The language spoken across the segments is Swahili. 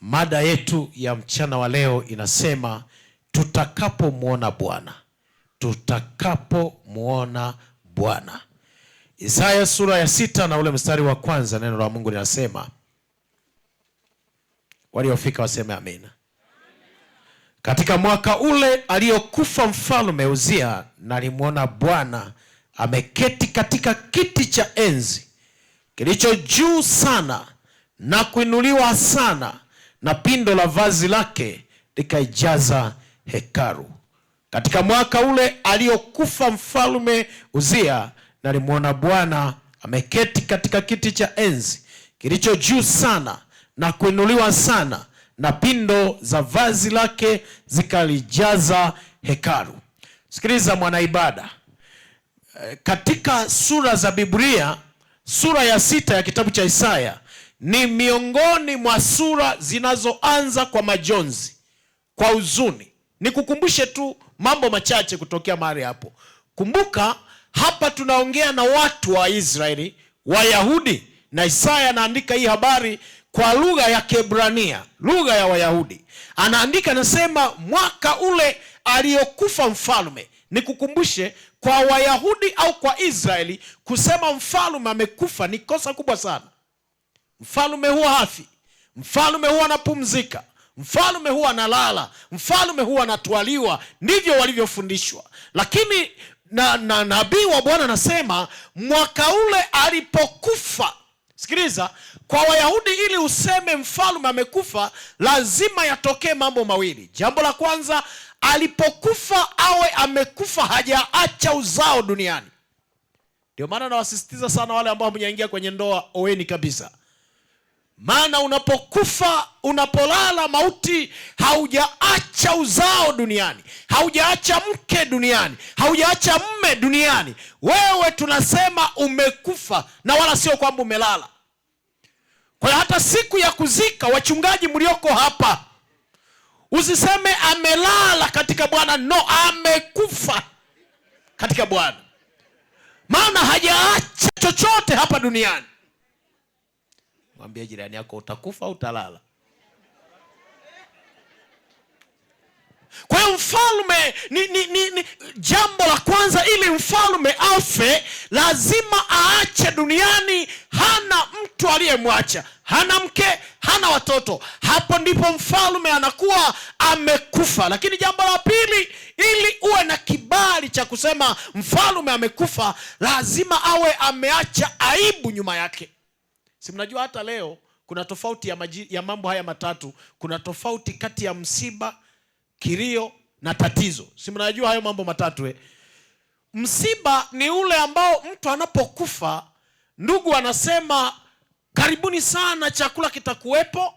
Mada yetu ya mchana wa leo inasema tutakapomwona Bwana, tutakapomwona Bwana. Isaya sura ya sita na ule mstari wa kwanza, neno la Mungu linasema waliofika waseme amina. Katika mwaka ule aliyokufa mfalme Uzia, nalimwona Bwana ameketi katika kiti cha enzi kilicho juu sana na kuinuliwa sana na pindo la vazi lake likaijaza hekalu. Katika mwaka ule aliyokufa mfalme Uzia, nalimwona Bwana ameketi katika kiti cha enzi kilicho juu sana na kuinuliwa sana, na pindo za vazi lake zikalijaza hekalu. Sikiliza mwanaibada, eh, katika sura za Biblia, sura ya sita ya kitabu cha Isaya ni miongoni mwa sura zinazoanza kwa majonzi, kwa huzuni. Nikukumbushe tu mambo machache kutokea mahali hapo. Kumbuka hapa tunaongea na watu wa Israeli, Wayahudi, na Isaya anaandika hii habari kwa lugha ya Kebrania, lugha ya Wayahudi. Anaandika anasema, mwaka ule aliyokufa mfalme. Nikukumbushe, kwa Wayahudi au kwa Israeli kusema mfalme amekufa ni kosa kubwa sana. Mfalme huwa hafi, mfalme huwa anapumzika, mfalme huwa analala, mfalme huwa anatwaliwa. Ndivyo walivyofundishwa, lakini na, na nabii wa Bwana anasema mwaka ule alipokufa. Sikiliza, kwa Wayahudi ili useme mfalume amekufa, lazima yatokee mambo mawili. Jambo la kwanza, alipokufa awe amekufa hajaacha uzao duniani. Ndio maana nawasisitiza sana wale ambao hamjaingia kwenye ndoa, oweni kabisa maana unapokufa, unapolala mauti, haujaacha uzao duniani, haujaacha mke duniani, haujaacha mme duniani. Wewe tunasema umekufa, na wala sio kwamba umelala. Kwa hiyo hata siku ya kuzika, wachungaji mlioko hapa, usiseme amelala katika Bwana. No, amekufa katika Bwana, maana hajaacha chochote hapa duniani. Mwambie jirani yako utakufa utalala. Kwa hiyo mfalme ni, ni, ni, ni jambo la kwanza, ili mfalme afe lazima aache duniani. Hana mtu aliyemwacha, hana mke, hana watoto. Hapo ndipo mfalme anakuwa amekufa. Lakini jambo la pili, ili uwe na kibali cha kusema mfalme amekufa, lazima awe ameacha aibu nyuma yake. Si mnajua hata leo kuna tofauti ya, maji, ya mambo haya matatu. Kuna tofauti kati ya msiba, kilio na tatizo. Si mnajua hayo mambo matatu eh? Msiba ni ule ambao mtu anapokufa ndugu anasema karibuni sana, chakula kitakuwepo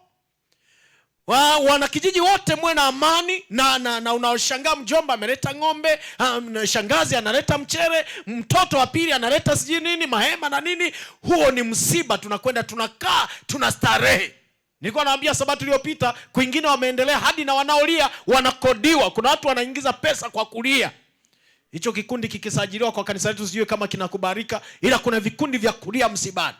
wa, wanakijiji wote mwe na amani na, na, na unaoshangaa mjomba ameleta ng'ombe, um, shangazi analeta mchere, mtoto wa pili analeta sijui nini mahema na nini. Huo ni msiba, tunakwenda tunakaa tuna starehe Nilikuwa naambia sabato iliyopita, kwingine wameendelea hadi na wanaolia wanakodiwa. Kuna watu wanaingiza pesa kwa kulia. Hicho kikundi kikisajiliwa kwa kanisa letu, sijui kama kinakubarika, ila kuna vikundi vya kulia msibani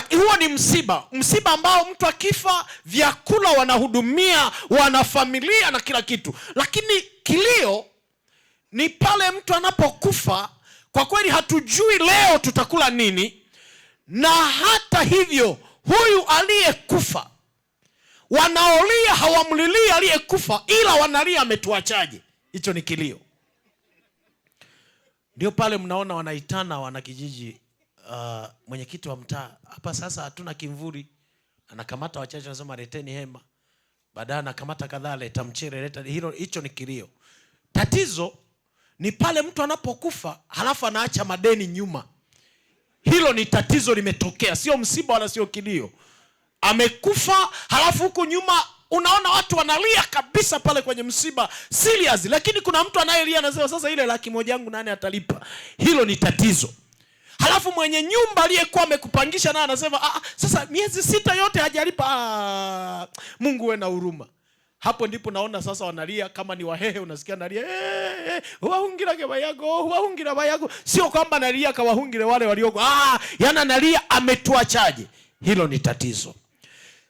huo ni msiba, msiba ambao mtu akifa vyakula wanahudumia wanafamilia na kila kitu, lakini kilio ni pale mtu anapokufa. Kwa kweli hatujui leo tutakula nini, na hata hivyo huyu aliyekufa, wanaolia hawamlilii aliyekufa, ila wanalia ametuachaje. Hicho ni kilio. Ndio pale mnaona wanaitana wanakijiji uh, mwenyekiti wa mtaa hapa sasa hatuna kimvuri, anakamata wachache, anasema leteni hema, baadaye anakamata kadhaa, leta mchere, leta hilo. Hicho ni kilio. Tatizo ni pale mtu anapokufa halafu anaacha madeni nyuma. Hilo ni tatizo limetokea, sio msiba wala sio kilio. Amekufa halafu huku nyuma unaona watu wanalia kabisa pale kwenye msiba serious, lakini kuna mtu anayelia anasema, sasa ile laki moja yangu nani atalipa? Hilo ni tatizo halafu mwenye nyumba aliyekuwa amekupangisha naye anasema ah, ah, sasa miezi sita yote hajalipa. Ah, Mungu we na huruma. Hapo ndipo naona sasa wanalia kama ni Wahehe, unasikia nalia hey, eh, eh, eh, hey, wahungira ke bayago Sio kwamba nalia kawahungire wale walioko, ah, yana nalia ametuachaje. Hilo ni tatizo.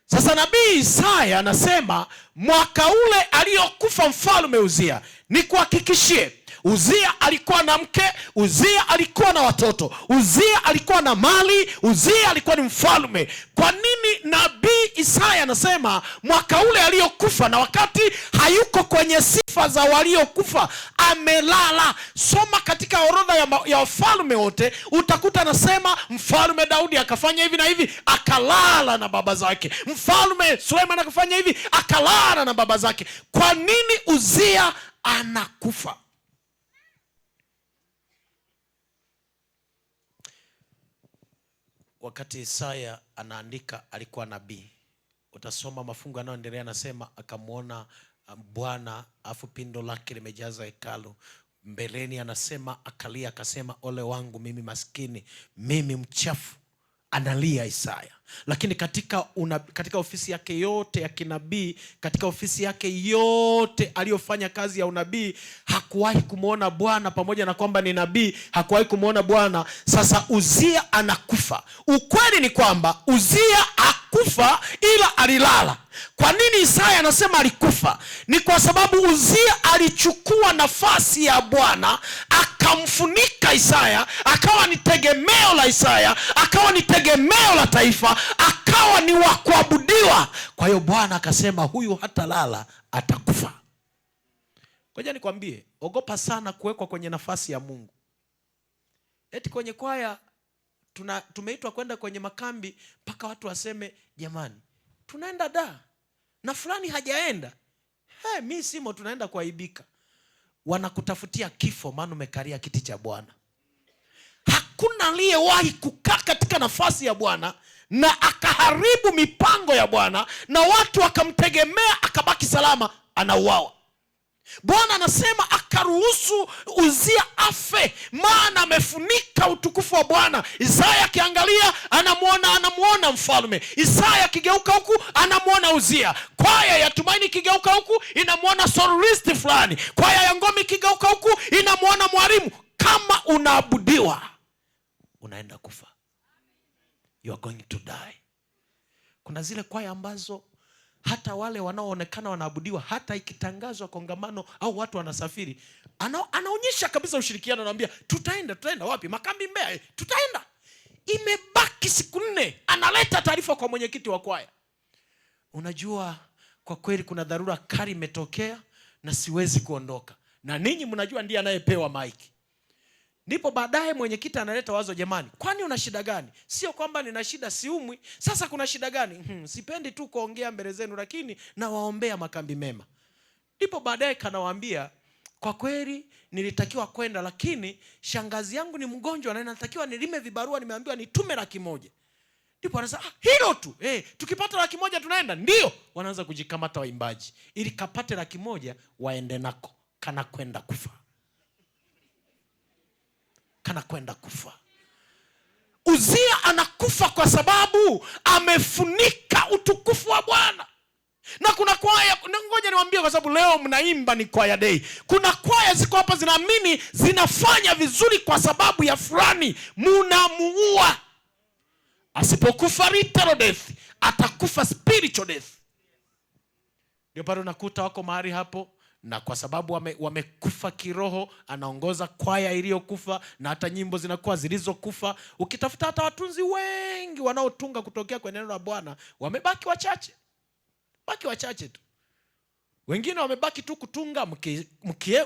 Sasa nabii Isaya anasema mwaka ule aliyokufa mfalume Uzia, nikuhakikishie Uzia alikuwa na mke, Uzia alikuwa na watoto, Uzia alikuwa na mali, Uzia alikuwa ni mfalme. Kwa nini nabii Isaya anasema mwaka ule aliyokufa, na wakati hayuko kwenye sifa za waliokufa, amelala? Soma katika orodha ya, ya wafalme wote utakuta anasema mfalme Daudi akafanya hivi na hivi, akalala na baba zake. Mfalme Suleiman akafanya hivi, akalala na baba zake. Kwa nini Uzia anakufa? wakati Isaya anaandika alikuwa nabii. Utasoma mafungu yanayoendelea anasema akamwona um, Bwana afu pindo lake limejaza hekalu. Mbeleni anasema akalia, akasema ole wangu mimi maskini, mimi mchafu analia Isaya lakini katika, una, katika ofisi yake yote ya kinabii katika ofisi yake yote aliyofanya kazi ya unabii hakuwahi kumwona Bwana, pamoja na kwamba ni nabii hakuwahi kumwona Bwana. Sasa Uzia anakufa. Ukweli ni kwamba Uzia akufa ila alilala. Kwa nini Isaya anasema alikufa? Ni kwa sababu Uzia alichukua nafasi ya Bwana akamfunika Isaya, akawa ni tegemeo la Isaya, akawa ni tegemeo la taifa, akawa ni wa kuabudiwa. Kwa hiyo Bwana akasema huyu hata lala atakufa. koja nikwambie, ogopa sana kuwekwa kwenye nafasi ya Mungu. Eti kwenye kwaya tumeitwa kwenda kwenye makambi mpaka watu waseme jamani tunaenda da na fulani hajaenda, hey, mi simo, tunaenda kuaibika. Wanakutafutia kifo, maana umekalia kiti cha Bwana. Hakuna aliyewahi kukaa katika nafasi ya Bwana na akaharibu mipango ya Bwana na watu wakamtegemea akabaki salama, anauawa. Bwana anasema akaruhusu Uzia afe, maana amefunika utukufu wa Bwana. Isaya akiangalia anamwona anamwona mfalme. Isaya akigeuka huku anamwona Uzia. Kwaya ya Tumaini ikigeuka huku inamwona soloist fulani. Kwaya ya Ngome ikigeuka huku inamwona mwalimu. Kama unaabudiwa, unaenda kufa, you are going to die. Kuna zile kwaya ambazo hata wale wanaoonekana wanaabudiwa, hata ikitangazwa kongamano au watu wanasafiri, ana, anaonyesha kabisa ushirikiano, anawambia tutaenda, tutaenda wapi? Makambi mbea eh, tutaenda. Imebaki siku nne, analeta taarifa kwa mwenyekiti wa kwaya, unajua kwa kweli kuna dharura kari imetokea na siwezi kuondoka, na ninyi mnajua ndiye anayepewa maiki Ndipo baadaye mwenyekiti analeta wazo, jamani, kwani una shida gani? Sio kwamba nina shida, siumwi. Sasa kuna shida gani? Hmm, sipendi tu kuongea mbele zenu, lakini nawaombea makambi mema. Ndipo baadaye kanawaambia, kwa kweli nilitakiwa kwenda, lakini shangazi yangu ni mgonjwa na natakiwa nilime vibarua, nimeambiwa nitume laki moja. Ndipo anasema ah, hilo tu hey, eh, tukipata laki moja tunaenda. Ndio wanaanza kujikamata waimbaji, ili kapate laki moja waende nako, kanakwenda kwenda kufa anakwenda kufa. Uzia anakufa kwa sababu amefunika utukufu wa Bwana na kuna kwaya, ngoja niwambie kwa sababu leo mnaimba ni kwaya dei. Kuna kwaya ziko hapa zinaamini zinafanya vizuri kwa sababu ya fulani, munamuua. Asipokufa literal death, atakufa spiritual death. Ndio bado nakuta wako mahali hapo na kwa sababu wame, wamekufa kiroho, anaongoza kwaya iliyokufa na hata nyimbo zinakuwa zilizokufa. Ukitafuta hata watunzi wengi wanaotunga kutokea kwenye neno la Bwana wamebaki wachache, baki wachache tu. Wengine wamebaki tu kutunga,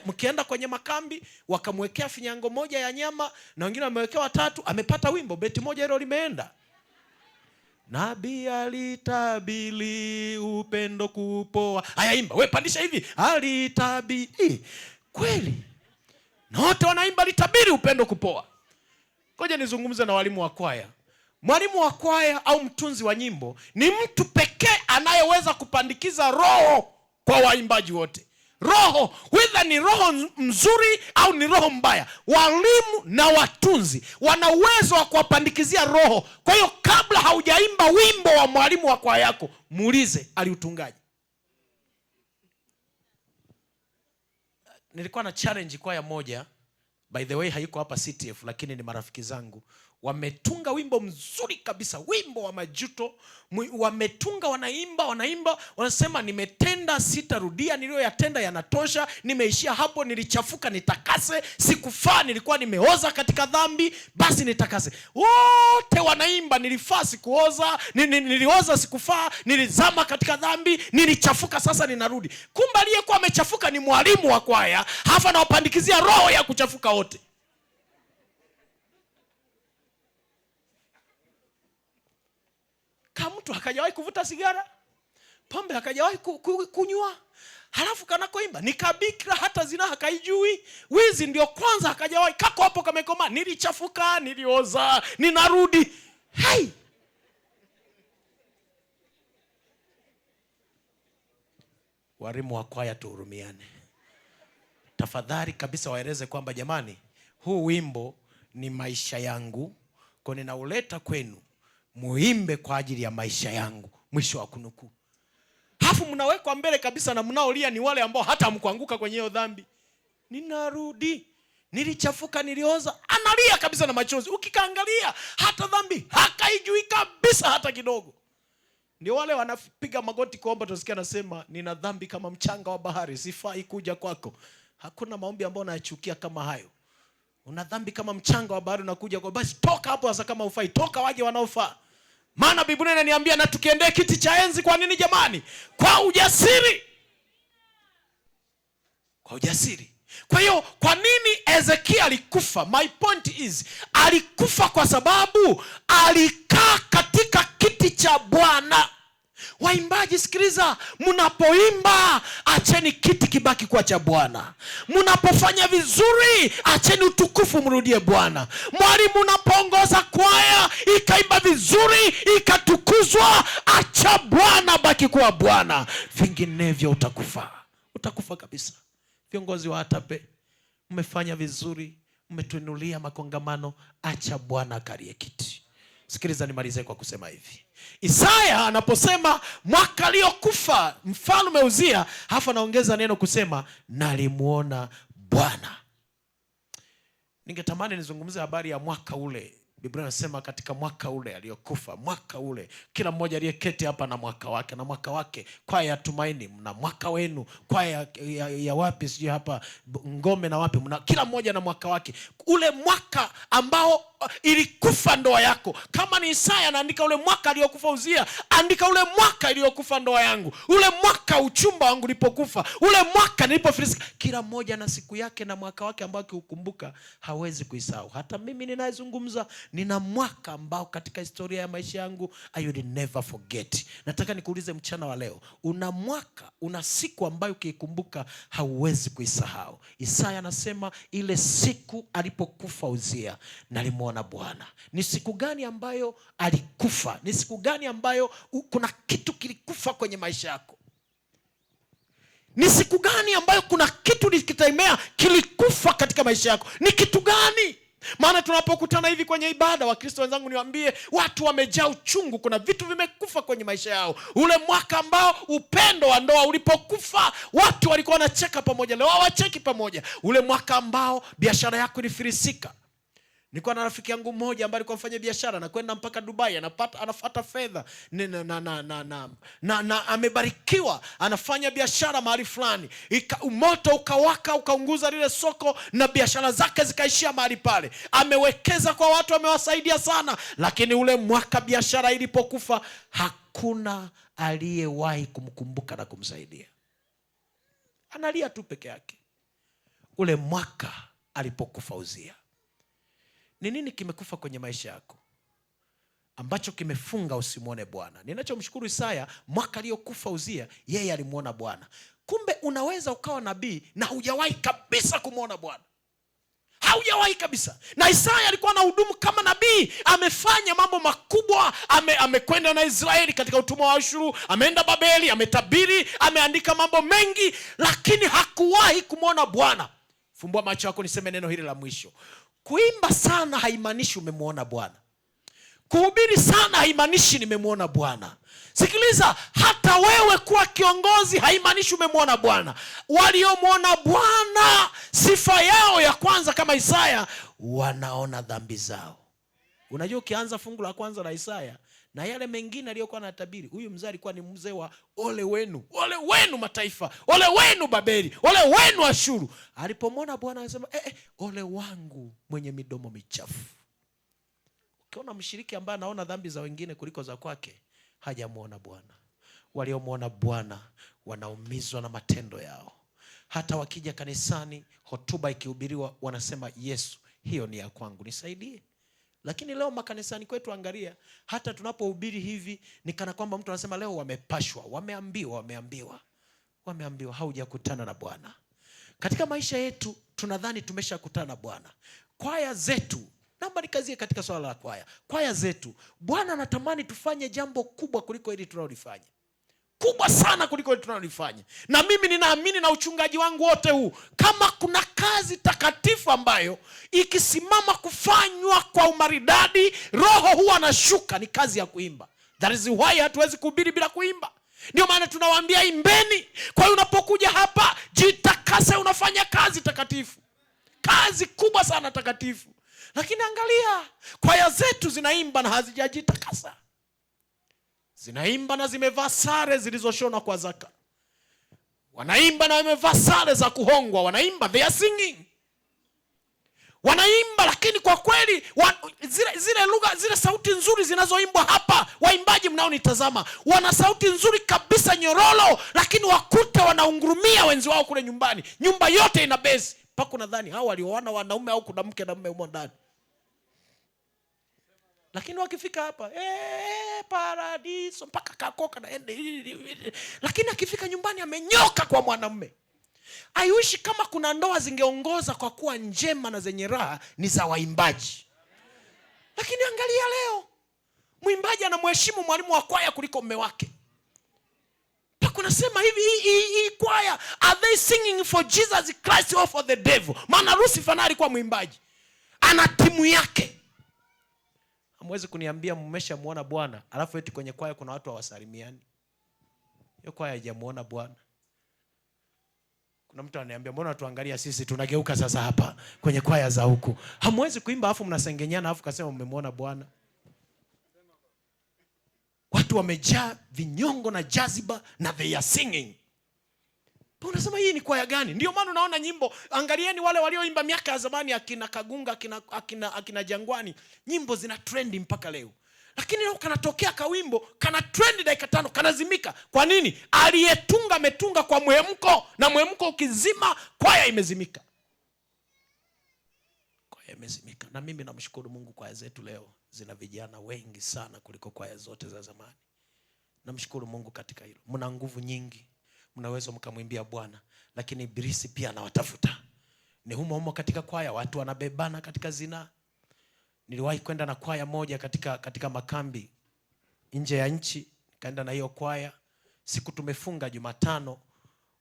mkienda kwenye makambi wakamwekea finyango moja ya nyama, na wengine wamewekewa tatu, amepata wimbo beti moja hilo limeenda. Nabii alitabili upendo kupoa. Haya, imba we, pandisha hivi, alitabili kweli, na wote wanaimba alitabiri upendo kupoa. Ngoja nizungumze na walimu wa kwaya. Mwalimu wa kwaya au mtunzi wa nyimbo ni mtu pekee anayeweza kupandikiza roho kwa waimbaji wote roho, whether ni roho mzuri au ni roho mbaya, walimu na watunzi wana uwezo wa kuwapandikizia roho. Kwa hiyo kabla haujaimba wimbo wa mwalimu wa kwa yako, muulize aliutungaji Nilikuwa na challenge kwaya moja, by the way haiko hapa CTF, lakini ni marafiki zangu wametunga wimbo mzuri kabisa, wimbo wa majuto. Wametunga, wanaimba, wanaimba, wanasema nimetenda, sitarudia, niliyoyatenda yanatosha, nimeishia hapo, nilichafuka, nitakase, sikufaa, nilikuwa nimeoza katika dhambi, basi nitakase. Wote wanaimba, nilifaa, sikuoza, nilioza, sikufaa, nilizama katika dhambi, nilichafuka, sasa ninarudi. Kumbe aliyekuwa amechafuka ni mwalimu wa kwaya, hafa anawapandikizia roho ya kuchafuka wote. kamtu hakajawahi kuvuta sigara, pombe hakajawahi kunywa, halafu kanakoimba ni hata zina hakaijui, wizi ndio kwanza hakajawahi, kako hapo kamekoma, nilichafuka, nilioza, ninarudi hey! warimu wa kwaya tuhurumiane tafadhali kabisa, waeleze kwamba jamani, huu wimbo ni maisha yangu, kwa ninauleta kwenu muimbe kwa ajili ya maisha yangu, mwisho wa kunukuu. Hafu mnawekwa mbele kabisa, na mnaolia ni wale ambao hata mkuanguka kwenye hiyo dhambi. Ninarudi, nilichafuka, nilioza, analia kabisa na machozi. Ukikaangalia hata dhambi hakaijui kabisa hata kidogo. Ndio wale wanapiga magoti kuomba, tusikia anasema, nina dhambi kama mchanga wa bahari, sifai kuja kwako. Hakuna maombi ambayo nayachukia kama hayo. Una dhambi kama mchanga wa bahari, unakuja kwa, basi toka hapo hasa kama ufai toka, waje wanaofaa maana Biblia inaniambia na tukiendee kiti cha enzi. Kwa nini jamani? Kwa ujasiri, kwa ujasiri. Kwa hiyo kwa nini ezekia alikufa? My point is alikufa kwa sababu alikaa katika kiti cha Bwana. Waimbaji, sikiliza, mnapoimba acheni kiti kibaki kuwa cha Bwana. Mnapofanya vizuri acheni utukufu mrudie Bwana. Mwalimu, unapoongoza kwaya ikaimba vizuri ikatukuzwa, acha Bwana baki kuwa Bwana, vinginevyo utakufa, utakufa kabisa. Viongozi wa ATAPE, mmefanya vizuri, mmetuinulia makongamano, acha Bwana akalie kiti. Sikiliza nimalize kwa kusema hivi, Isaya anaposema mwaka aliyokufa mfalme Uzia, hafu anaongeza neno kusema nalimwona Bwana. Ningetamani nizungumze habari ya mwaka ule. Biblia anasema katika mwaka ule aliyokufa, mwaka ule kila mmoja aliyeketi hapa na mwaka wake, na mwaka wake kwaya ya Tumaini mna mwaka wenu, kwaya ya, ya wapi sijui hapa Ngome na wapi mna, kila mmoja na mwaka wake, ule mwaka ambao Uh, ilikufa ndoa yako. Kama ni Isaya anaandika ule mwaka aliyokufa Uzia, andika ule mwaka iliyokufa ndoa yangu, ule mwaka uchumba wangu ulipokufa, ule mwaka nilipofilisika. Kila mmoja na siku yake na mwaka wake ambao akiukumbuka hawezi kuisahau. Hata mimi ninayezungumza nina mwaka ambao katika historia ya maisha yangu I will never forget. Nataka nikuulize mchana wa leo, una mwaka, una siku ambayo ukiikumbuka hauwezi kuisahau. Isaya anasema ile siku alipokufa Uzia nalimwona na Bwana? Ni siku gani ambayo alikufa? Ni siku gani ambayo kuna kitu kilikufa kwenye maisha yako? Ni siku gani ambayo kuna kitu likitemea kilikufa katika maisha yako? Ni kitu gani? Maana tunapokutana hivi kwenye ibada, Wakristo wenzangu, niwambie watu wamejaa uchungu. Kuna vitu vimekufa kwenye maisha yao. Ule mwaka ambao upendo wa ndoa ulipokufa, watu walikuwa wanacheka pamoja, leo hawacheki pamoja. Ule mwaka ambao biashara yako ilifirisika Nilikuwa na rafiki yangu mmoja ambaye alikuwa mfanya biashara na kwenda mpaka Dubai, anapata anafata fedha na, na, na, na, na, na, na amebarikiwa, anafanya biashara mahali fulani, moto ukawaka ukaunguza lile soko na biashara zake zikaishia mahali pale. Amewekeza kwa watu, amewasaidia sana, lakini ule mwaka biashara ilipokufa hakuna aliyewahi kumkumbuka na kumsaidia, analia tu peke yake ule mwaka alipokufa Uzia. Ni nini kimekufa kwenye maisha yako ambacho kimefunga usimwone Bwana? Ninachomshukuru Isaya, mwaka aliyokufa Uzia, yeye alimwona Bwana. Kumbe unaweza ukawa nabii na hujawahi kabisa kumwona Bwana, haujawahi kabisa. Na Isaya alikuwa na hudumu kama nabii, amefanya mambo makubwa, ame, amekwenda na Israeli katika utumwa wa Ashuru, ameenda Babeli, ametabiri, ameandika mambo mengi, lakini hakuwahi kumwona Bwana. Fumbua macho yako niseme neno hili la mwisho. Kuimba sana haimaanishi umemwona Bwana. Kuhubiri sana haimaanishi nimemwona Bwana. Sikiliza, hata wewe kuwa kiongozi haimaanishi umemwona Bwana. Waliomwona Bwana, sifa yao ya kwanza kama Isaya, wanaona dhambi zao. Unajua, ukianza fungu la kwanza la Isaya na yale mengine aliyokuwa anatabiri huyu mzee alikuwa ni mzee wa ole wenu, ole wenu mataifa, ole wenu Babeli, ole wenu Ashuru. Alipomwona Bwana anasema eh, eh, ole wangu mwenye midomo michafu. Ukiona mshiriki ambaye anaona dhambi za wengine kuliko za kwake, hajamwona Bwana. Waliomwona Bwana wanaumizwa na matendo yao, hata wakija kanisani, hotuba ikihubiriwa, wanasema Yesu, hiyo ni ya kwangu, nisaidie. Lakini leo makanisani kwetu, angalia, hata tunapohubiri hivi ni kana kwamba mtu anasema leo wamepashwa, wameambiwa, wameambiwa, wameambiwa. Haujakutana na Bwana katika maisha yetu. Tunadhani tumeshakutana na Bwana. Kwaya zetu namba nikazie katika swala la kwaya, kwaya zetu, Bwana anatamani tufanye jambo kubwa kuliko hili tunaolifanya kubwa sana kuliko tunalolifanya. Na mimi ninaamini na uchungaji wangu wote huu, kama kuna kazi takatifu ambayo ikisimama kufanywa kwa umaridadi, Roho huwa anashuka, ni kazi ya kuimba. That is why hatuwezi kuhubiri bila kuimba. Ndio maana tunawaambia imbeni. Kwa hiyo unapokuja hapa, jitakase, unafanya kazi takatifu, kazi kubwa sana takatifu. Lakini angalia, kwaya zetu zinaimba na hazijajitakasa zinaimba na zimevaa sare zilizoshona kwa zaka, wanaimba na wamevaa sare za kuhongwa, wanaimba they are singing, wanaimba lakini kwa kweli wa, zile, zile lugha zile sauti nzuri zinazoimbwa hapa, waimbaji mnaonitazama wana sauti nzuri kabisa nyororo, lakini wakute wanaungurumia wenzi wao kule nyumbani, nyumba yote ina bezi mpaka unadhani hawa walioana wanaume au kuna mke na mume humo ndani lakini wakifika hapa ee, paradiso mpaka kakoka naende, lakini akifika nyumbani amenyoka kwa mwanamme. I kama kuna ndoa zingeongoza kwa kuwa njema na zenye raha ni za waimbaji, lakini angalia leo mwimbaji anamheshimu mwalimu wa kwaya kuliko mme wake. Mpaka hivi, hii kwaya are they singing for Jesus Christ or for the devil? Maana Lucifer naye alikuwa mwimbaji, ana timu yake amwezi kuniambia mmeshamwona Bwana alafu eti kwenye kwaya kuna watu hawasalimiani. Hiyo kwaya haijamuona Bwana. Kuna mtu ananiambia mbona tuangalia sisi tunageuka sasa hapa kwenye kwaya za huku. Hamwezi kuimba afu mnasengenyana afu kasema mmemwona Bwana. Watu wamejaa vinyongo na jaziba na they are singing. Unasema hii ni kwaya gani? Ndio maana unaona nyimbo, angalieni wale walioimba miaka ya zamani, akina Kagunga, akina, akina, akina Jangwani, nyimbo zina trendi mpaka leo. Lakini leo kanatokea kawimbo kana trendi dakika tano kanazimika. Kwa nini? Aliyetunga ametunga kwa mwemko, na mwemko ukizima kwaya imezimika, kwaya imezimika. Na mimi namshukuru Mungu, kwaya zetu leo zina vijana wengi sana kuliko kwaya zote za zamani. Namshukuru Mungu katika hilo, mna nguvu nyingi mnaweza mkamwimbia Bwana, lakini Ibilisi pia anawatafuta. Ni humo humo katika kwaya, watu wanabebana katika zinaa. Niliwahi kwenda na kwaya moja katika, katika makambi nje ya nchi, nikaenda na hiyo kwaya. Siku tumefunga Jumatano,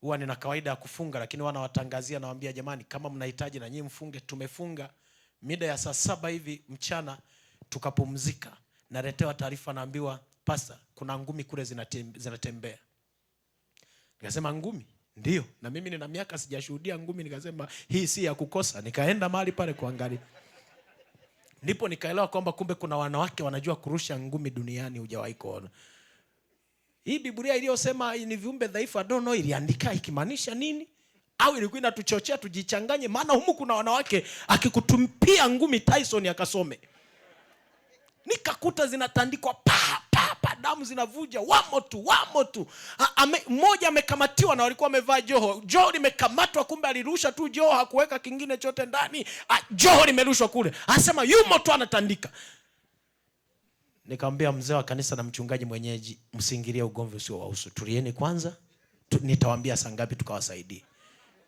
huwa nina kawaida ya kufunga, lakini wanawatangazia nawambia jamani, kama mnahitaji na nyinyi mfunge. Tumefunga mida ya saa saba hivi mchana, tukapumzika. Naletewa taarifa, naambiwa pasa kuna ngumi kule zinatembea. Nikasema ngumi ndio, na mimi nina miaka sijashuhudia ngumi. Nikasema hii si ya kukosa, nikaenda mahali pale kuangalia, ndipo nikaelewa kwamba kumbe kuna wanawake wanajua kurusha ngumi duniani, hujawahi kuona. Hii Biblia iliyosema ni viumbe dhaifu, I don't iliandika ikimaanisha nini, au ilikuwa inatuchochea tujichanganye? Maana humu kuna wanawake, akikutumpia ngumi Tyson akasome, nikakuta zinatandikwa pa damu zinavuja, wamo tu, wamo tu. Mmoja amekamatiwa na walikuwa wamevaa joho, joho limekamatwa, kumbe alirusha tu joho, hakuweka kingine chote ndani, A, joho limerushwa kule, anasema yumo tu, anatandika. Nikamwambia mzee wa kanisa na mchungaji mwenyeji, msiingilie ugomvi usio wahusu, tulieni kwanza, nitawaambia saa ngapi tukawasaidia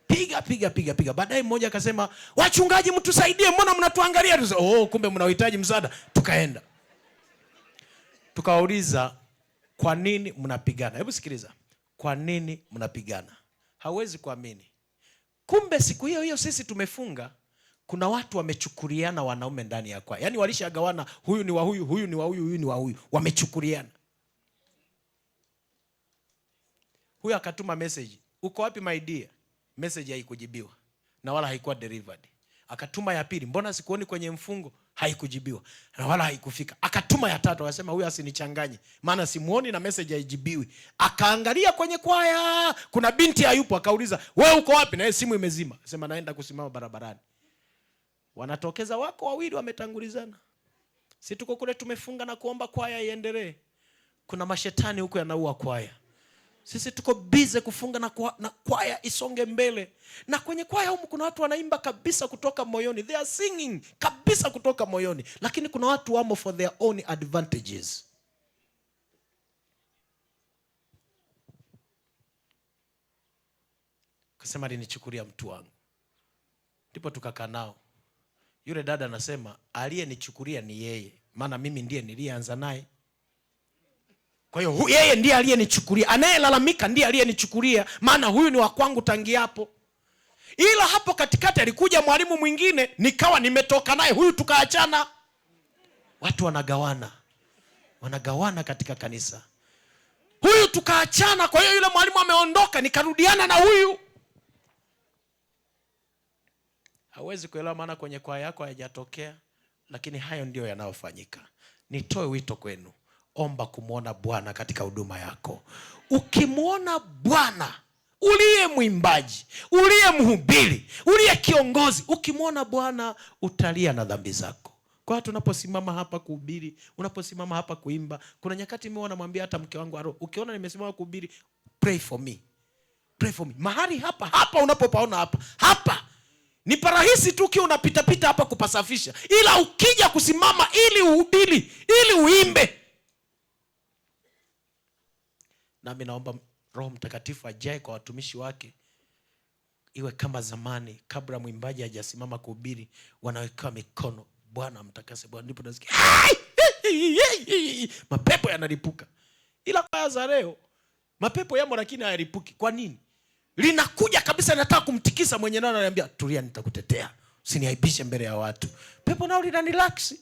Piga piga piga piga. Baadaye mmoja akasema, wachungaji, mtusaidie, mbona mnatuangalia tu? Oh, kumbe mnahitaji msaada. Tukaenda tukawauliza kwa nini mnapigana? Hebu sikiliza, kwa nini mnapigana? Hauwezi kuamini, kumbe siku hiyo hiyo sisi tumefunga kuna watu wamechukuliana wanaume ndani ya kwaya, yaani walishagawana, huyu ni wa huyu, huyu ni wa huyu, huyu ni wa huyu, wamechukuliana. Huyu akatuma meseji uko wapi my dear? haikujibiwa na wala haikuwa delivered. Akatuma ya pili, mbona sikuoni kwenye mfungo? haikujibiwa na wala haikufika. Akatuma ya tatu, akasema huyu asinichanganye, maana simuoni na meseji haijibiwi. Akaangalia kwenye kwaya, kuna binti hayupo. Akauliza, we uko wapi? na simu imezima, sema naenda kusimama barabarani. Wanatokeza wako wawili, wametangulizana. Si tuko kule tumefunga na kuomba kwaya iendelee. Kuna mashetani huko yanaua kwaya sisi tuko bize kufunga na, kwa, na kwaya isonge mbele, na kwenye kwaya humu kuna watu wanaimba kabisa kutoka moyoni, they are singing kabisa kutoka moyoni, lakini kuna watu wamo for their own advantages. Kasema alinichukulia mtu wangu, ndipo tukakaa nao. Yule dada anasema aliyenichukulia ni yeye, maana mimi ndiye niliyeanza naye kwa hiyo yeye ndiye aliyenichukulia, anayelalamika ndiye aliyenichukulia, maana huyu ni wakwangu tangi hapo. Ila hapo katikati alikuja mwalimu mwingine, nikawa nimetoka naye huyu, tukaachana. Watu wanagawana, wanagawana katika kanisa. Huyu tukaachana, kwa hiyo yule mwalimu ameondoka, nikarudiana na huyu. Hawezi kuelewa, maana kwenye kwaya yako hayajatokea, lakini hayo ndiyo yanayofanyika. Nitoe wito kwenu omba kumwona Bwana katika huduma yako. Ukimwona Bwana uliye mwimbaji, uliye mhubiri, uliye kiongozi, ukimwona Bwana utalia na dhambi zako. Kwa hiyo tunaposimama hapa kuhubiri, unaposimama hapa kuimba, kuna nyakati mi namwambia hata mke wangu Aro, ukiona nimesimama kuhubiri, pray for me, pray for me. Mahali hapa hapa unapopaona hapa hapa ni parahisi tu ukiwa unapitapita hapa kupasafisha, ila ukija kusimama ili uhubiri, ili uimbe Nami naomba Roho Mtakatifu ajae kwa watumishi wake, iwe kama zamani, kabla mwimbaji hajasimama kuhubiri, wanawekewa mikono, Bwana amtakase Bwana, ndipo nasikia mapepo yanaripuka Ila kwaya za leo mapepo yamo, lakini hayaripuki Kwa nini? Linakuja kabisa, nataka kumtikisa mwenye nao, ananiambia tulia, nitakutetea, usiniaibishe mbele ya watu. Pepo nao lina nilaksi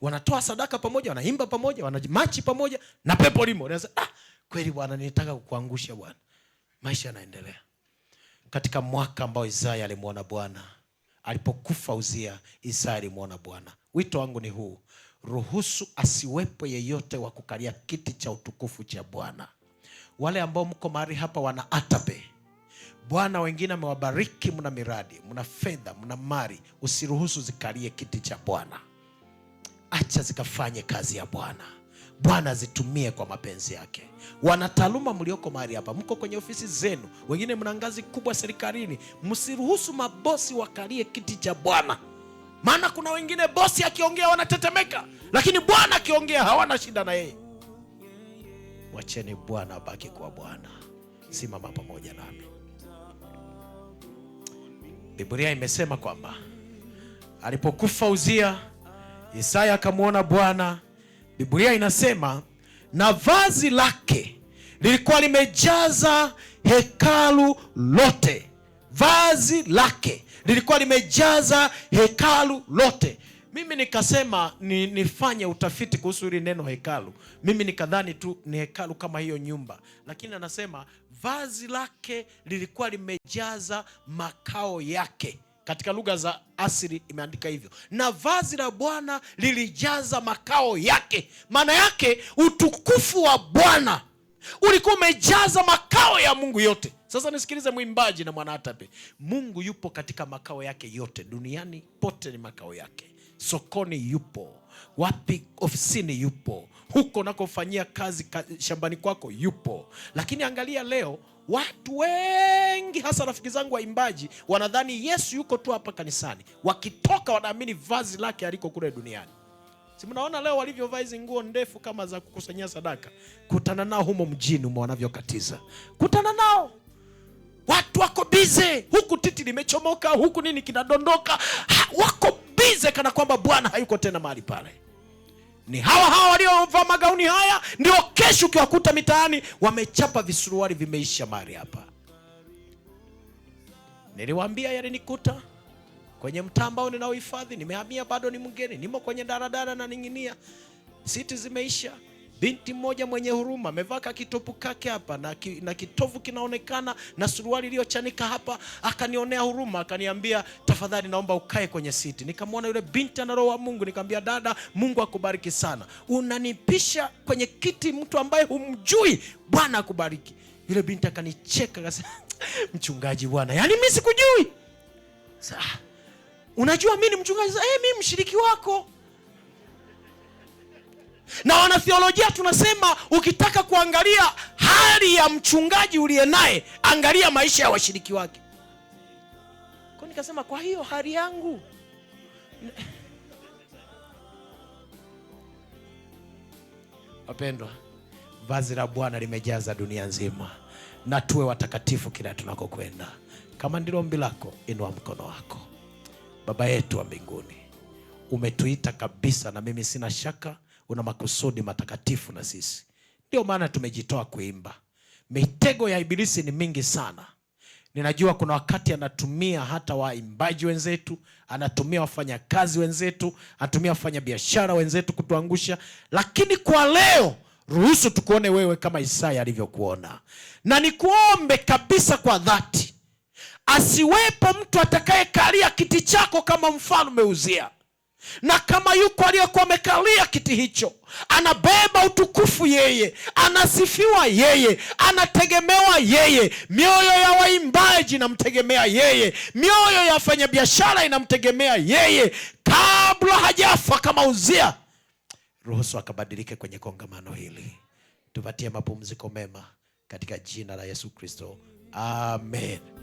wanatoa sadaka pamoja, wanaimba pamoja, wanamachi pamoja, na pepo limo. Ah, kweli Bwana, nilitaka kukuangusha Bwana. Maisha yanaendelea katika mwaka ambao Isaya alimwona Bwana alipokufa Uzia, Isaya alimwona Bwana. Wito wangu ni huu, ruhusu asiwepo yeyote wa kukalia kiti cha utukufu cha Bwana. Wale ambao mko mahali hapa wana atabe Bwana, wengine amewabariki, mna miradi, mna fedha, mna mari usiruhusu zikalie kiti cha Bwana. Acha zikafanye kazi ya Bwana. Bwana zitumie kwa mapenzi yake. Wanataaluma mlioko mahali hapa, mko kwenye ofisi zenu, wengine mna ngazi kubwa serikalini, msiruhusu mabosi wakalie kiti cha Bwana, maana kuna wengine bosi akiongea wanatetemeka, lakini Bwana akiongea hawana shida na yeye. Wacheni Bwana abaki kwa Bwana. Simama pamoja nami. Biblia imesema kwamba alipokufa Uzia, Isaya akamwona Bwana Biblia inasema na vazi lake lilikuwa limejaza hekalu lote. Vazi lake lilikuwa limejaza hekalu lote. Mimi nikasema ni, nifanye utafiti kuhusu hili neno hekalu. Mimi nikadhani tu ni hekalu kama hiyo nyumba, lakini anasema vazi lake lilikuwa limejaza makao yake katika lugha za asili imeandika hivyo, na vazi la Bwana lilijaza makao yake. Maana yake utukufu wa Bwana ulikuwa umejaza makao ya Mungu yote. Sasa nisikilize mwimbaji na mwanaatape, Mungu yupo katika makao yake yote, duniani pote ni makao yake. Sokoni yupo, wapi, ofisini yupo, huko nakofanyia kazi, kazi shambani kwako yupo. Lakini angalia leo Watu wengi hasa rafiki zangu waimbaji wanadhani Yesu yuko tu hapa kanisani, wakitoka wanaamini vazi lake aliko kule duniani. Si mnaona leo walivyovaa hizi nguo ndefu kama za kukusanyia sadaka? Kutana nao humo mjini, umo wanavyokatiza, kutana nao watu wako bize, huku titi limechomoka, huku nini kinadondoka, wako bize kana kwamba Bwana hayuko tena mahali pale ni hawa hawa waliovaa magauni haya ndio kesho ukiwakuta mitaani wamechapa visuruari vimeisha mari hapa. Niliwaambia yalinikuta kwenye mtaa ambao ninaohifadhi, nimehamia, bado ni mgeni, nimo kwenye daradara na ning'inia, siti zimeisha. Binti mmoja mwenye huruma amevaa kakitopu kake hapa na, ki, na kitovu kinaonekana na suruali iliyochanika hapa, akanionea huruma, akaniambia tafadhali, naomba ukae kwenye siti. Nikamwona yule binti ana roho wa Mungu, nikamwambia dada, Mungu akubariki sana, unanipisha kwenye kiti mtu ambaye humjui. Bwana akubariki. Yule binti akanicheka akasema, mchungaji bwana, yaani mimi sikujui. Ah, unajua mimi ni mchungaji, eh, mimi mshiriki wako na wanatheolojia tunasema ukitaka kuangalia hali ya mchungaji uliye naye, angalia maisha ya washiriki wake. ko nikasema, kwa hiyo hali yangu wapendwa, vazi la Bwana limejaza dunia nzima, na tuwe watakatifu kila tunakokwenda. Kama ndilo ombi lako, inua mkono wako. Baba yetu wa mbinguni, umetuita kabisa, na mimi sina shaka una makusudi matakatifu na sisi. Ndio maana tumejitoa kuimba. Mitego ya Ibilisi ni mingi sana. Ninajua kuna wakati anatumia hata waimbaji wenzetu, anatumia wafanyakazi wenzetu, anatumia wafanyabiashara wenzetu kutuangusha, lakini kwa leo ruhusu tukuone wewe kama Isaya alivyokuona, na nikuombe kabisa kwa dhati, asiwepo mtu atakayekalia kiti chako kama mfalme Uzia na kama yuko aliyekuwa amekalia kiti hicho, anabeba utukufu yeye, anasifiwa yeye, anategemewa yeye. Mioyo ya waimbaji inamtegemea yeye, mioyo ya wafanyabiashara inamtegemea yeye. Kabla hajafa kama Uzia, ruhusu akabadilike kwenye kongamano hili. Tupatie mapumziko mema katika jina la Yesu Kristo, amen.